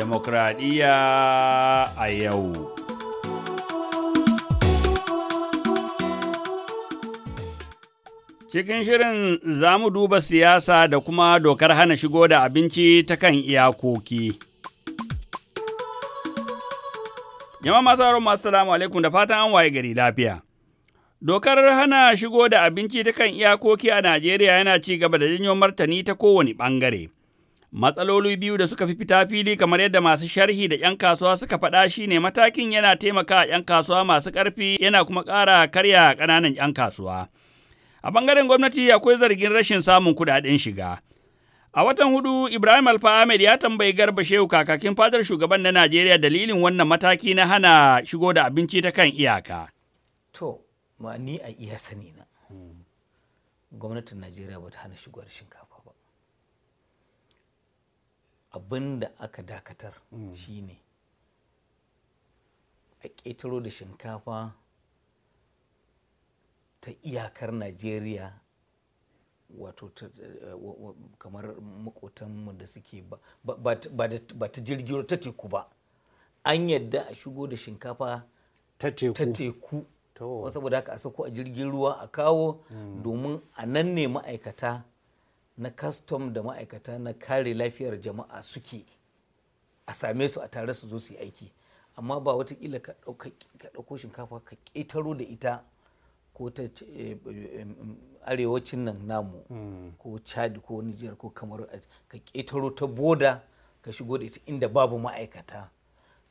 demokradiyya a yau. Cikin shirin za mu duba siyasa da kuma dokar hana shigo da abinci ta kan iyakoki. Jama'a masu haro masu salamu alaikum da fatan an waye gari lafiya. Dokar hana shigo da abinci ta kan iyakoki a Najeriya yana ci gaba da janyo martani ta kowane ɓangare. Matsaloli biyu da suka fi fita fili kamar yadda masu sharhi da 'yan kasuwa suka faɗa shi ne matakin yana taimaka 'yan kasuwa masu ƙarfi yana kuma ƙara karya ƙananan 'yan kasuwa. A ɓangaren gwamnati akwai zargin rashin samun kuɗaɗen shiga. A watan hudu, Ibrahim Alfa Ahmed ya tambayi Garba Shehu kakakin fadar shugaban na Najeriya dalilin wannan mataki na hana shigo da abinci ta kan iyaka. To, ma ni a iya sani na. Gwamnatin Najeriya ba ta hana shigo da shinkafa. abin da aka dakatar mm. shine a ƙetaro da shinkafa ta iyakar najeriya wato eh, kamar makotanmu da suke ba ta jirgin ta teku ba an yadda a shigo da shinkafa ta teku saboda haka a sako a jirgin ruwa a kawo mm. domin a nan ne ma'aikata na kastom da ma'aikata na kare lafiyar jama'a suke a same su a tare su zo su yi aiki amma ba wata kila ka ɗauko shinkafa ka ƙetaro da ita ko ta eh, arewacin nan namu hmm. ko chad ko nijar ko kamar ka ƙetaro ta boda ka shigo da ita inda babu ma'aikata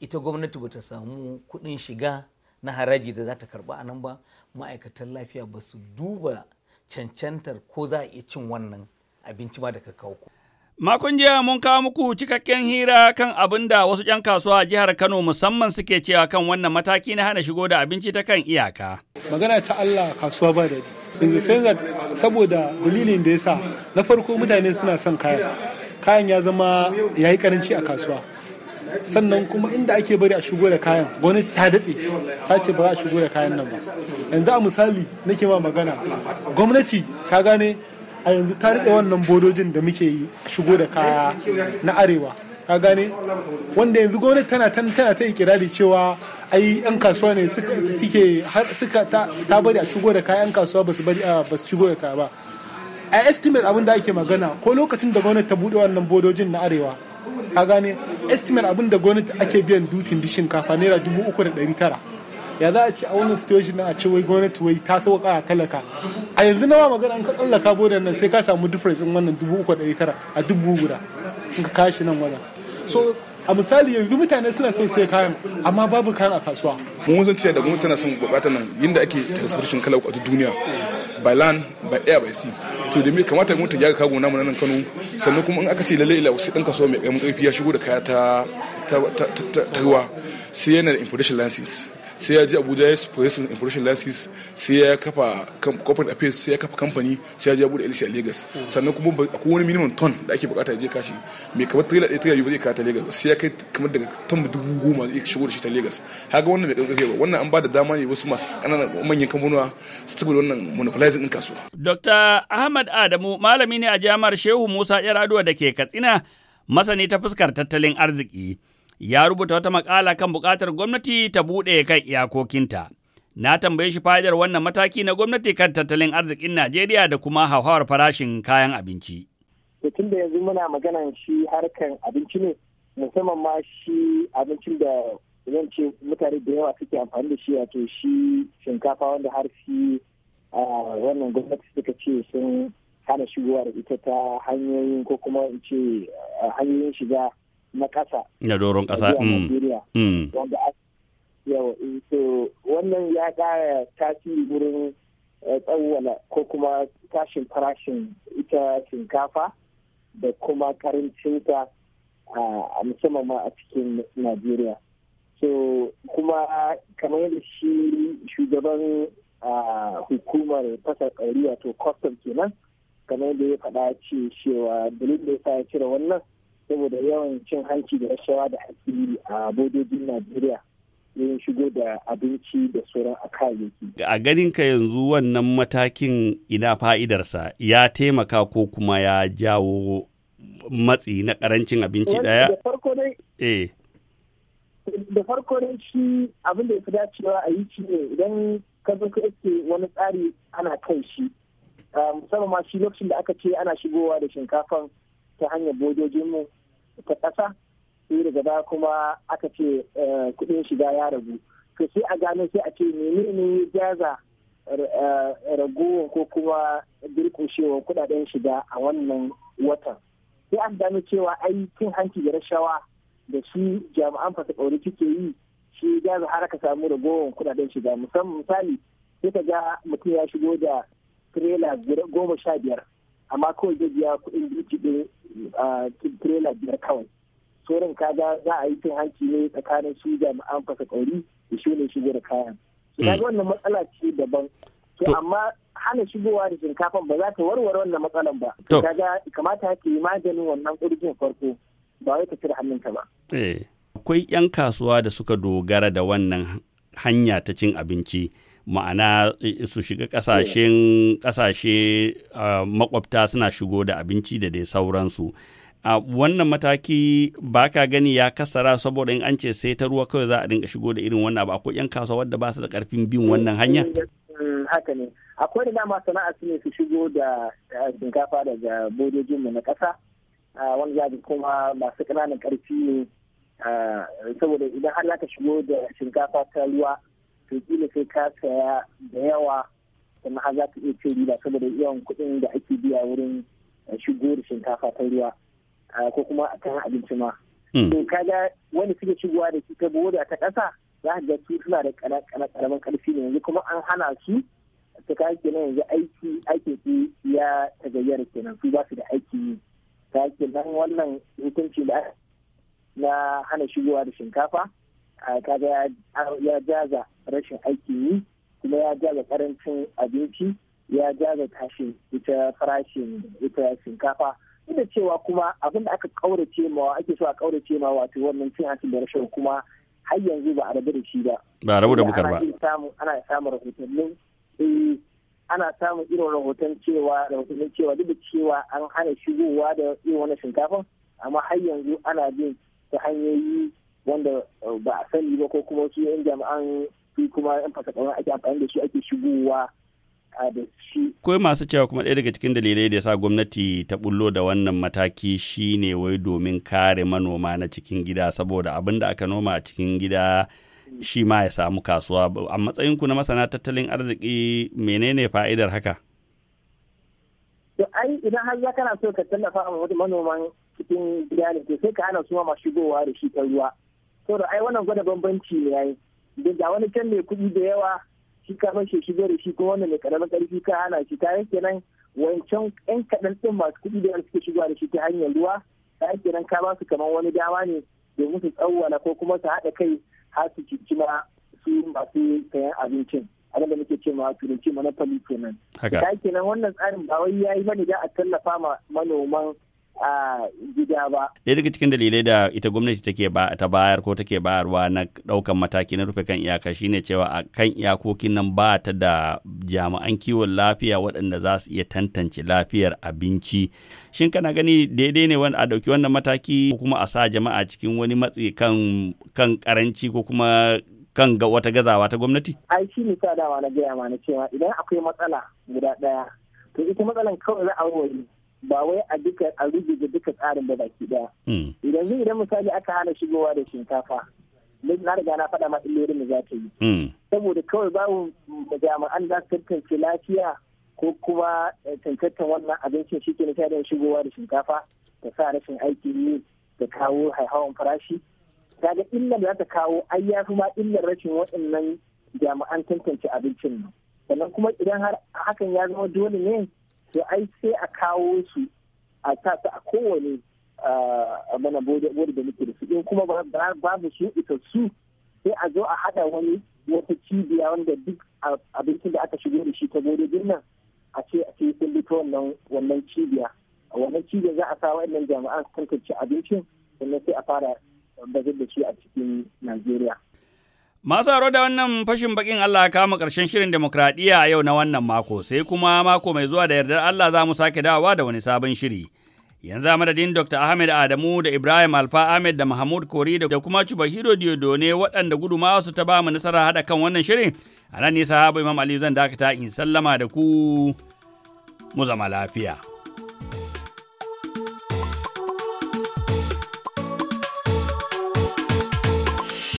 ita gwamnati ba ta samu kuɗin shiga na haraji da za ta karba a nan ba ma'aikatan lafiya ba su duba cancantar ko za a iya cin wannan abinci ma da Makon jiya mun kawo muku cikakken hira kan abin da wasu 'yan kasuwa a jihar Kano musamman suke cewa kan wannan mataki na hana shigo da abinci ta kan iyaka. Magana ta Allah kasuwa ba da saboda dalilin da ya sa na farko mutane suna son kayan kayan ya zama ya yi karanci a kasuwa sannan kuma inda ake bari a shigo da kayan wani ta datse ta ce ba a shigo da kayan nan ba yanzu a misali nake ma magana gwamnati ta gane a yanzu ta riƙe wannan bodojin da muke yi shigo da kaya na arewa ka gane wanda yanzu gwamnati tana tana ta ikirari cewa ai yan kasuwa ne suke ta bari a shigo da kaya yan kasuwa basu bari ba su shigo da kaya ba a estimate abin da ake magana ko lokacin da gwamnati ta bude wannan bodojin na arewa ka gane estimate abin da gwamnati ake biyan dutin di shinkafa naira dubu uku da ɗari tara ya za a ci a wannan situation a ci wai gwamnati wai ta sauka a talaka a yanzu na ba magana an ka tsallaka bodan nan sai ka samu difference in wannan dubu uku ɗari tara a dubu guda in ka kashi nan wannan so a misali yanzu mutane suna son sai kayan amma babu kayan a kasuwa mun san cewa da gwamnati tana son bukatar nan yadda ake transportation kala a duniya by land by air by sea to da me kamata gwamnati ya kago namu nan Kano sannan kuma in aka ce lalle ila sai ɗan kasuwa mai karamin karfi ya shigo da kaya ta ta ruwa sai yana da importation license sai ya je abuja ya processing importation license sai ya kafa corporate affairs sai ya kafa kamfani sai ya je bude lc a lagos sannan kuma akwai wani minimum ton da ake bukata ya je kashi mai kamar trailer ɗaya trailer biyu zai kawo ta lagos sai ya kai kamar daga ton dubu goma zai shigo da shi ta lagos haka wannan bai karkafe ba wannan an ba da dama ne wasu masu ƙananan manyan kamfanuwa su tabbata wannan monopolizing ɗin kasuwa. dr ahmad adamu malami ne a jami'ar shehu musa yaraduwa da ke katsina masani ta fuskar tattalin arziki. ya rubuta wata makala kan buƙatar gwamnati ta buɗe kan iyakokinta. Na tambaye shi fa'idar wannan mataki na gwamnati kan tattalin arzikin Najeriya da kuma hauhawar farashin kayan abinci. Tun da yanzu muna maganan shi harkan abinci ne, musamman ma shi abincin da zan ce mutane da yawa suke amfani da shi a shi shinkafa wanda har shi wannan gwamnati suka ce sun hana shigowa da ita ta hanyoyin ko kuma in ce hanyoyin shiga na ƙasa. Na doron ƙasa. yau so wannan ya ƙara tasiri wurin eh, tsawwala ko kuma tashin farashin ita shinkafa da kuma ta a musamman ma a cikin Najeriya. So kuma kamar yadda shi shugaban hukumar fasa ƙauri wato custom kenan kamar yadda ya faɗa ce cewa dalilin da ya sa ya cire wannan saboda yawan cin hanci da rashawa da asiri a bodojin najeriya yin shigo da abinci da sauran a kayayyaki. a ganin ka yanzu wannan matakin ina fa'idarsa ya taimaka ko kuma ya jawo matsi na karancin abinci daya eh. da farko dai shi abin da ya fi dacewa a yi shi ne idan ka zo ka wani tsari ana kai shi ah, musamman ma shi lokacin da aka ce ana shigowa da shinkafan ta hanyar mu ta ƙasa sai daga baya kuma aka ce eh, kuɗin shiga ya ragu to sai a gano sai a ce menene jaza eh, ragowar ko kuma durƙushewar kuɗaɗen shiga a wannan watan sai an gano cewa ai cin hanci da rashawa da shi jami'an fasakori suke yi shi jaza har aka samu ragowar kuɗaɗen shiga musamman misali sai ka ga mutum ya shigo da tirela goma sha biyar amma kawai zai biya kuɗin birki ɗin tirela biyar kawai sauran kaga za a yi cin hanci ne tsakanin su jami'an fasa ƙauri da shi ne shigo da kayan su mm. ga wannan matsala ce daban to amma hana shigowa da shinkafan ba za ta warware wannan matsalan ba kaga kamata ake yi maganin wannan ƙurjin farko ba wai ka cire hannunka ba eh, akwai 'yan kasuwa da suka dogara da wannan hanya ta cin abinci ma'ana su shiga kasashen kasashe makwabta suna shigo da abinci da dai sauransu a wannan mataki ba ka gani ya kasara saboda in an ce sai ta ruwa kawai za a dinga shigo da irin wannan abu akwai yan kasuwa wadda ba su da karfin bin wannan hanya mm, haka ne akwai da dama sana'a su ne su shigo da shinkafa daga mu na kasa wani zaɓi kuma masu ƙananan karfi ne saboda idan har ka shigo da shinkafa ta ruwa to kila sai ka saya da yawa kuma har za ka iya ce riba saboda yawan kuɗin da ake biya wurin eh, shigo da shinkafa ta ruwa ko kuma a kan abinci ma. Hmm. To kaga wani suke shigowa da shi ta boda ta ƙasa za ka ga su suna da ƙaramin ƙarfi ne yanzu kuma an hana su ta kaga kenan yanzu aiki aikin su ya tagayyara kenan su ba su da aiki yi. Ta kenan wannan hukunci da na hana shigowa da shinkafa kaga ya jaza rashin aikin yi kuma ya jaza karancin abinci ya jaza tashin ita farashin ita shinkafa duk da cewa kuma abin da aka kaurace ma ake so a kaurace ma wato wannan cin hancin da rashin kuma har yanzu ba a rabu da shi ba ba rabu da bukar ba ana samun rahotannin eh, ana samun irin rahoton cewa rahotannin cewa duk da cewa an hana shigowa da irin wannan shinkafa amma har yanzu ana bin ta hanyoyi wanda uh, ba a sani ba ko kuma su yan jami'an su kuma yan fasakawa ake amfani da su ake shigowa da shi. Kawai masu cewa kuma ɗaya daga cikin dalilai da ya sa gwamnati ta bullo da wannan mataki shine wai domin kare manoma na cikin gida saboda abin da aka noma a cikin gida shi ma ya samu kasuwa a matsayin ku na masana tattalin arziki menene fa'idar haka? To ai idan har ya kana so ka tallafa a manoman cikin gida ne sai ka ana suma masu shigowa da shi ta ruwa da ai wannan gwada bambanci ne yayi da wani kan mai kuɗi da yawa shi ka fashe shi da shi ko wanda mai karamin karfi ka hana shi ta yake nan wancan yan kaɗan ɗin masu kuɗi da suke shigowa da shi ta hanyar ruwa ta yake nan ka ba su kamar wani dama ne domin su tsawwala ko kuma su haɗa kai har su cicima su masu sayan abincin abin da muke ce ma turanci fali kenan. Ta yake nan wannan tsarin ba wai yayi bane da a tallafa ma manoman a gida ba. Ɗaya daga cikin dalilai da ita gwamnati take ta bayar ko take bayarwa na ɗaukan mataki na rufe kan iyaka shine cewa a kan iyakokin nan ba ta da jami'an kiwon lafiya waɗanda za su iya tantance lafiyar abinci. Shin kana gani daidai ne a ɗauki wannan mataki ko kuma a sa jama'a cikin wani matsi kan kan karanci ko kuma kan ga wata gazawa ta gwamnati? Ai shi ne sadawa na gaya ma na cewa idan akwai matsala guda ɗaya to ita matsalan kawai za a wani ba wai a duka a rubuta duka tsarin da baki daya idan hmm. zai idan misali aka hana shigowa da shinkafa na riga na faɗa ma illolin da za ta yi hmm. saboda kawai babu jami'an za su tantance lafiya ko kuma eh, tantantan wannan abincin shi ke nufin shigowa da shinkafa da sa rashin aiki ne da kawo haihawan farashi kaga illar da ta kawo ai ya ma illar rashin waɗannan jami'an tantance abincin nan sannan kuma idan har hakan ya zama dole ne to ai sai a kawo su a sa su a kowane mana bodi da muke da su in kuma mu su su sai a zo a hada wani wata cibiya wanda duk abincin da aka shigo da shi ta bude birnin a ce a ce sun bi wannan cibiya a wannan cibiya za a sa wa'annan jami'an su tantance abincin sannan sai a fara bazar da shi a cikin najeriya Masu haro da wannan fashin bakin Allah kama ƙarshen shirin demokradiyya a yau na wannan mako, sai kuma mako mai zuwa da yardar Allah za mu sake dawowa da wani sabon shiri. Yanzu a madadin Dr. Ahmed Adamu da Ibrahim Alfa Ahmed da Mahmud Kori da kuma Chubahiro ne waɗanda gudumawa su ta ba mu nasara haɗa kan wannan shirin, a nan nisa sahabu Imam ali zan dakata in sallama da ku mu zama lafiya.